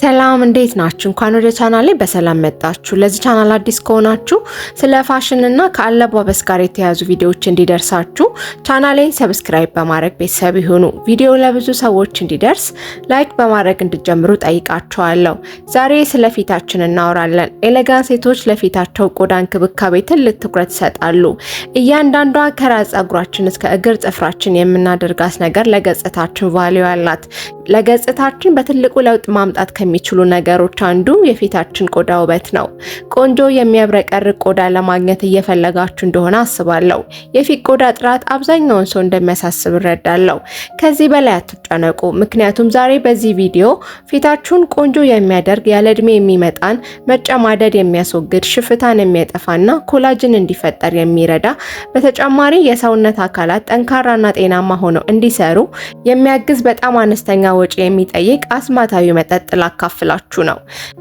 ሰላም እንዴት ናችሁ? እንኳን ወደ ቻናሌ በሰላም መጣችሁ። ለዚህ ቻናል አዲስ ከሆናችሁ ስለ ፋሽን እና ከአለባበስ ጋር የተያዙ ቪዲዮዎች እንዲደርሳችሁ ቻናሌን ሰብስክራይብ በማድረግ ቤተሰብ ይሁኑ። ቪዲዮ ለብዙ ሰዎች እንዲደርስ ላይክ በማድረግ እንድጀምሩ ጠይቃችኋለሁ። ዛሬ ስለ ፊታችን እናወራለን። ኤሌጋን ሴቶች ለፊታቸው ቆዳ እንክብካቤ ትልቅ ትኩረት ይሰጣሉ። እያንዳንዷ ከራስ ጸጉራችን እስከ እግር ጥፍራችን የምናደርጋት ነገር ለገጽታችን ቫሊዩ አላት። ለገጽታችን በትልቁ ለውጥ ማምጣት ከሚችሉ ነገሮች አንዱ የፊታችን ቆዳ ውበት ነው። ቆንጆ የሚያብረቀርቅ ቆዳ ለማግኘት እየፈለጋችሁ እንደሆነ አስባለሁ። የፊት ቆዳ ጥራት አብዛኛውን ሰው እንደሚያሳስብ እረዳለሁ። ከዚህ በላይ አትጨነቁ፣ ምክንያቱም ዛሬ በዚህ ቪዲዮ ፊታችሁን ቆንጆ የሚያደርግ ያለ እድሜ የሚመጣን መጨማደድ የሚያስወግድ ሽፍታን የሚያጠፋና ኮላጅን እንዲፈጠር የሚረዳ በተጨማሪ የሰውነት አካላት ጠንካራና ጤናማ ሆነው እንዲሰሩ የሚያግዝ በጣም አነስተኛ ወጪ የሚጠይቅ አስማታዊ መጠጥ ላካፍላችሁ ነው።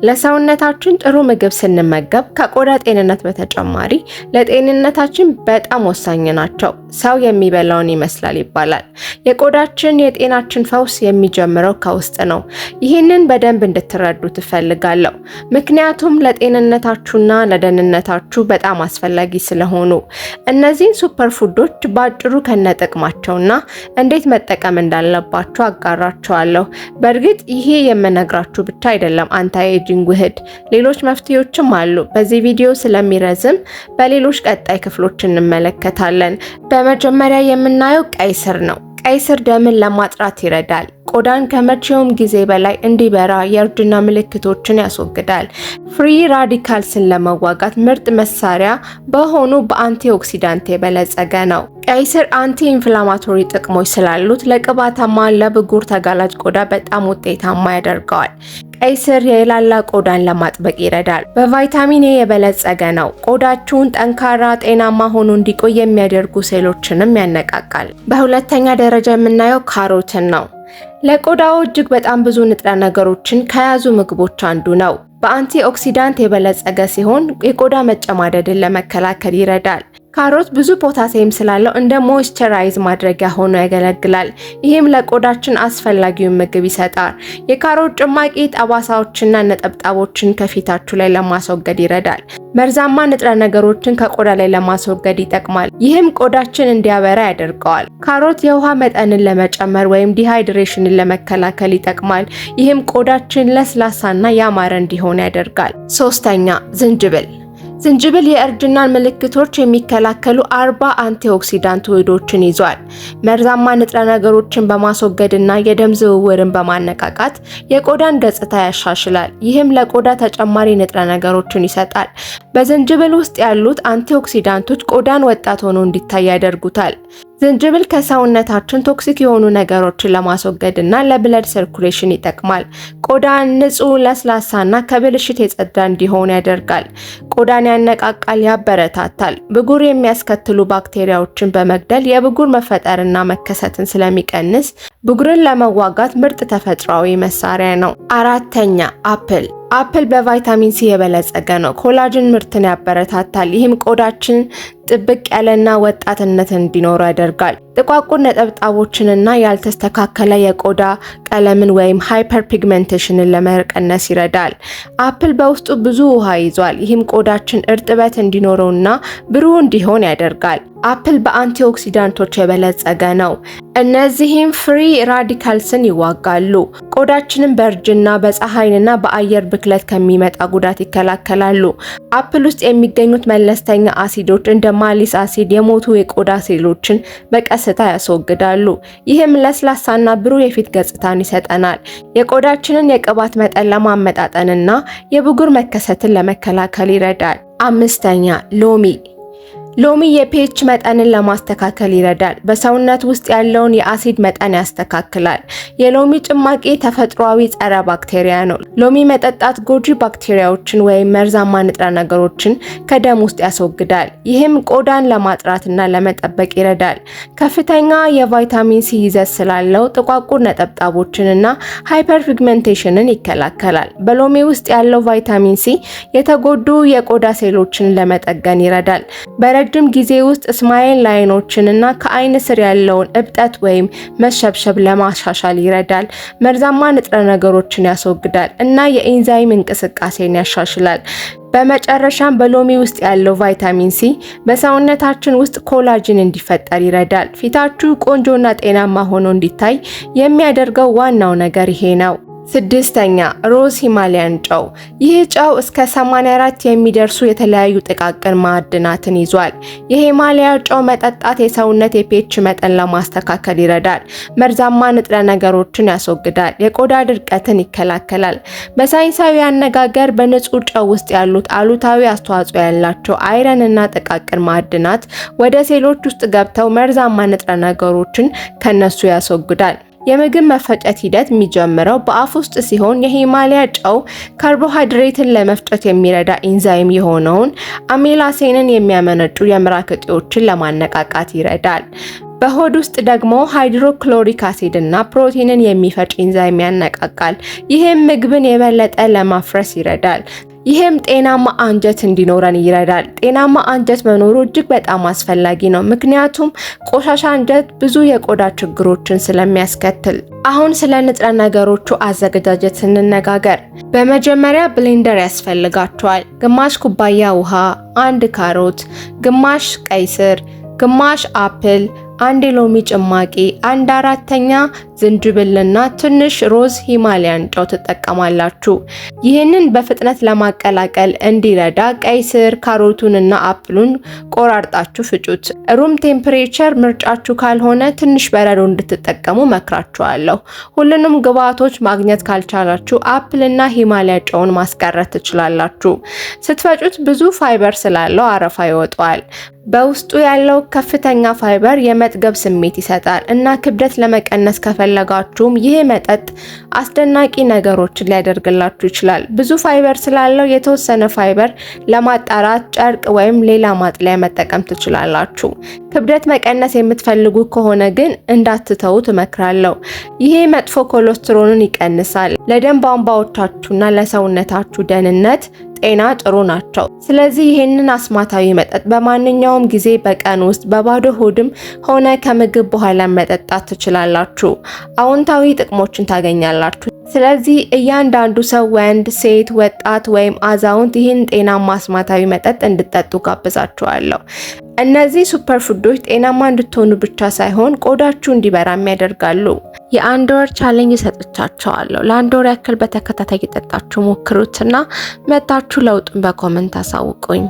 ለሰውነታችን ጥሩ ምግብ ስንመገብ ከቆዳ ጤንነት በተጨማሪ ለጤንነታችን በጣም ወሳኝ ናቸው። ሰው የሚበላውን ይመስላል ይባላል። የቆዳችን የጤናችን ፈውስ የሚጀምረው ከውስጥ ነው። ይህንን በደንብ እንድትረዱ ትፈልጋለሁ። ምክንያቱም ለጤንነታችሁና ለደህንነታችሁ በጣም አስፈላጊ ስለሆኑ እነዚህን ሱፐር ፉዶች በአጭሩ ከነጥቅማቸውና እንዴት መጠቀም እንዳለባችሁ አጋራቸዋል። አስባለሁ። በእርግጥ ይሄ የምነግራችሁ ብቻ አይደለም አንቲ ውህድ፣ ሌሎች መፍትሄዎችም አሉ። በዚህ ቪዲዮ ስለሚረዝም በሌሎች ቀጣይ ክፍሎች እንመለከታለን። በመጀመሪያ የምናየው ቀይ ስር ነው። ቀይ ስር ደምን ለማጥራት ይረዳል። ቆዳን ከመቼውም ጊዜ በላይ እንዲበራ የእርጅና ምልክቶችን ያስወግዳል። ፍሪ ራዲካልስን ለመዋጋት ምርጥ መሳሪያ በሆኑ በአንቲኦክሲዳንት የበለጸገ ነው። ቀይ ስር አንቲ ኢንፍላማቶሪ ጥቅሞች ስላሉት ለቅባታማ፣ ለብጉር ተጋላጭ ቆዳ በጣም ውጤታማ ያደርገዋል። ቀይ ስር የላላ ቆዳን ለማጥበቅ ይረዳል። በቫይታሚን ኤ የበለጸገ ነው። ቆዳችሁን ጠንካራ፣ ጤናማ ሆኖ እንዲቆይ የሚያደርጉ ሴሎችንም ያነቃቃል። በሁለተኛ ደረጃ የምናየው ካሮትን ነው። ለቆዳው እጅግ በጣም ብዙ ንጥረ ነገሮችን ከያዙ ምግቦች አንዱ ነው። በአንቲ ኦክሲዳንት የበለጸገ ሲሆን የቆዳ መጨማደድን ለመከላከል ይረዳል። ካሮት ብዙ ፖታሲየም ስላለው እንደ ሞይስቸራይዝ ማድረጊያ ሆኖ ያገለግላል። ይህም ለቆዳችን አስፈላጊውን ምግብ ይሰጣል። የካሮት ጭማቂ ጠባሳዎችና ነጠብጣቦችን ከፊታችሁ ላይ ለማስወገድ ይረዳል። መርዛማ ንጥረ ነገሮችን ከቆዳ ላይ ለማስወገድ ይጠቅማል። ይህም ቆዳችን እንዲያበራ ያደርገዋል። ካሮት የውሃ መጠንን ለመጨመር ወይም ዲሃይድሬሽንን ለመከላከል ይጠቅማል። ይህም ቆዳችን ለስላሳና ያማረ እንዲሆን ያደርጋል። ሶስተኛ ዝንጅብል ዝንጅብል የእርጅናን ምልክቶች የሚከላከሉ አርባ አንቲኦክሲዳንት ውህዶችን ይዟል። መርዛማ ንጥረ ነገሮችን በማስወገድና የደም ዝውውርን በማነቃቃት የቆዳን ገጽታ ያሻሽላል። ይህም ለቆዳ ተጨማሪ ንጥረ ነገሮችን ይሰጣል። በዝንጅብል ውስጥ ያሉት አንቲኦክሲዳንቶች ቆዳን ወጣት ሆኖ እንዲታይ ያደርጉታል። ዝንጅብል ከሰውነታችን ቶክሲክ የሆኑ ነገሮችን ለማስወገድ እና ለብለድ ሰርኩሌሽን ይጠቅማል። ቆዳን ንጹህ፣ ና ከብልሽት የጸዳ እንዲሆን ያደርጋል። ቆዳን ያነቃቃል፣ ያበረታታል። ብጉር የሚያስከትሉ ባክቴሪያዎችን በመግደል የብጉር መፈጠርና መከሰትን ስለሚቀንስ ብጉርን ለመዋጋት ምርጥ ተፈጥሯዊ መሳሪያ ነው። አራተኛ አፕል አፕል በቫይታሚን ሲ የበለጸገ ነው። ኮላጅን ምርትን ያበረታታል። ይህም ቆዳችን ጥብቅ ያለና ወጣትነት እንዲኖረው ያደርጋል። ጥቋቁር ነጠብጣቦችንና ያልተስተካከለ የቆዳ ቀለምን ወይም ሃይፐር ፒግመንቴሽንን ለመቀነስ ይረዳል። አፕል በውስጡ ብዙ ውሃ ይዟል። ይህም ቆዳችን እርጥበት እንዲኖረውና ብሩህ እንዲሆን ያደርጋል። አፕል በአንቲኦክሲዳንቶች የበለጸገ ነው። እነዚህም ፍሪ ራዲካልስን ይዋጋሉ፣ ቆዳችንን በእርጅና በፀሐይንና በአየር ብክለት ከሚመጣ ጉዳት ይከላከላሉ። አፕል ውስጥ የሚገኙት መለስተኛ አሲዶች እንደ ማሊስ አሲድ የሞቱ የቆዳ ሴሎችን በቀስ በቀስታ ያስወግዳሉ። ይህም ለስላሳና ብሩህ የፊት ገጽታን ይሰጠናል። የቆዳችንን የቅባት መጠን ለማመጣጠንና የብጉር መከሰትን ለመከላከል ይረዳል። አምስተኛ ሎሚ ሎሚ የፒኤች መጠንን ለማስተካከል ይረዳል። በሰውነት ውስጥ ያለውን የአሲድ መጠን ያስተካክላል። የሎሚ ጭማቂ ተፈጥሯዊ ጸረ ባክቴሪያ ነው። ሎሚ መጠጣት ጎጂ ባክቴሪያዎችን ወይም መርዛማ ንጥረ ነገሮችን ከደም ውስጥ ያስወግዳል። ይህም ቆዳን ለማጥራትና ለመጠበቅ ይረዳል። ከፍተኛ የቫይታሚን ሲ ይዘት ስላለው ጥቋቁር ነጠብጣቦችንና ሃይፐርፒግመንቴሽንን ይከላከላል። በሎሚ ውስጥ ያለው ቫይታሚን ሲ የተጎዱ የቆዳ ሴሎችን ለመጠገን ይረዳል። በረጅም ጊዜ ውስጥ ስማይል ላይኖችን እና ከአይን ስር ያለውን እብጠት ወይም መሸብሸብ ለማሻሻል ይረዳል። መርዛማ ንጥረ ነገሮችን ያስወግዳል እና የኢንዛይም እንቅስቃሴን ያሻሽላል። በመጨረሻም በሎሚ ውስጥ ያለው ቫይታሚን ሲ በሰውነታችን ውስጥ ኮላጅን እንዲፈጠር ይረዳል። ፊታችሁ ቆንጆና ጤናማ ሆኖ እንዲታይ የሚያደርገው ዋናው ነገር ይሄ ነው። ስድስተኛ ሮዝ ሂማሊያን ጨው። ይህ ጨው እስከ 84 የሚደርሱ የተለያዩ ጥቃቅን ማዕድናትን ይዟል። የሂማሊያ ጨው መጠጣት የሰውነት የፔች መጠን ለማስተካከል ይረዳል። መርዛማ ንጥረ ነገሮችን ያስወግዳል። የቆዳ ድርቀትን ይከላከላል። በሳይንሳዊ አነጋገር በንጹህ ጨው ውስጥ ያሉት አሉታዊ አስተዋጽኦ ያላቸው አይረን እና ጥቃቅን ማዕድናት ወደ ሴሎች ውስጥ ገብተው መርዛማ ንጥረ ነገሮችን ከነሱ ያስወግዳል። የምግብ መፈጨት ሂደት የሚጀምረው በአፍ ውስጥ ሲሆን የሂማሊያ ጨው ካርቦሃይድሬትን ለመፍጨት የሚረዳ ኢንዛይም የሆነውን አሜላሴንን የሚያመነጩ የምራቅ እጢዎችን ለማነቃቃት ይረዳል። በሆድ ውስጥ ደግሞ ሃይድሮክሎሪክ አሲድ እና ፕሮቲንን የሚፈጭ ኢንዛይም ያነቃቃል። ይህም ምግብን የበለጠ ለማፍረስ ይረዳል። ይህም ጤናማ አንጀት እንዲኖረን ይረዳል። ጤናማ አንጀት መኖሩ እጅግ በጣም አስፈላጊ ነው፣ ምክንያቱም ቆሻሻ አንጀት ብዙ የቆዳ ችግሮችን ስለሚያስከትል። አሁን ስለ ንጥረ ነገሮቹ አዘገጃጀት ስንነጋገር በመጀመሪያ ብሌንደር ያስፈልጋቸዋል። ግማሽ ኩባያ ውሃ፣ አንድ ካሮት፣ ግማሽ ቀይ ስር፣ ግማሽ አፕል አንድ የሎሚ ጭማቂ አንድ አራተኛ ዝንጅብልና ትንሽ ሮዝ ሂማሊያን ጨው ትጠቀማላችሁ። ይህንን በፍጥነት ለማቀላቀል እንዲረዳ ቀይ ስር፣ ካሮቱንና አፕሉን ቆራርጣችሁ ፍጩት። ሩም ቴምፕሬቸር ምርጫችሁ ካልሆነ ትንሽ በረዶ እንድትጠቀሙ መክራችኋለሁ። ሁሉንም ግብዓቶች ማግኘት ካልቻላችሁ አፕልና ሂማሊያ ጨውን ማስቀረት ትችላላችሁ። ስትፈጩት ብዙ ፋይበር ስላለው አረፋ ይወጣዋል። በውስጡ ያለው ከፍተኛ ፋይበር የመጥገብ ስሜት ይሰጣል እና ክብደት ለመቀነስ ከፈ ከፈለጋችሁም ይህ መጠጥ አስደናቂ ነገሮችን ሊያደርግላችሁ ይችላል። ብዙ ፋይበር ስላለው የተወሰነ ፋይበር ለማጣራት ጨርቅ ወይም ሌላ ማጥለያ መጠቀም ትችላላችሁ። ክብደት መቀነስ የምትፈልጉ ከሆነ ግን እንዳትተው ትመክራለሁ። ይሄ መጥፎ ኮሌስትሮልን ይቀንሳል። ለደም ቧንቧዎቻችሁና ለሰውነታችሁ ደህንነት ጤና ጥሩ ናቸው። ስለዚህ ይህንን አስማታዊ መጠጥ በማንኛውም ጊዜ በቀን ውስጥ በባዶ ሆድም ሆነ ከምግብ በኋላ መጠጣት ትችላላችሁ። አዎንታዊ ጥቅሞችን ታገኛላችሁ። ስለዚህ እያንዳንዱ ሰው ወንድ፣ ሴት፣ ወጣት ወይም አዛውንት ይህን ጤናማ አስማታዊ መጠጥ እንድጠጡ ጋብዛችኋለሁ። እነዚህ ሱፐር ፉዶች ጤናማ እንድትሆኑ ብቻ ሳይሆን ቆዳችሁ እንዲበራም ያደርጋሉ። የአንድ ወር ቻሌንጅ ሰጥቻቸዋለሁ። ለአንድ ወር ያክል በተከታታይ የጠጣችሁ ሞክሩትና መታችሁ ለውጡን በኮመንት አሳውቁኝ።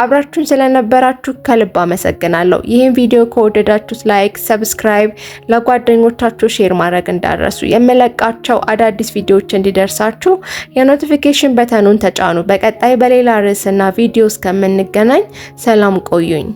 አብራችሁን ስለነበራችሁ ከልብ አመሰግናለሁ። ይህን ቪዲዮ ከወደዳችሁት ላይክ፣ ሰብስክራይብ፣ ለጓደኞቻችሁ ሼር ማድረግ እንዳረሱ የምለቃቸው አዳዲስ ቪዲዮዎች እንዲደርሳችሁ የኖቲፊኬሽን በተኑን ተጫኑ። በቀጣይ በሌላ ርዕስና ቪዲዮ እስከምንገናኝ ሰላም ቆዩኝ።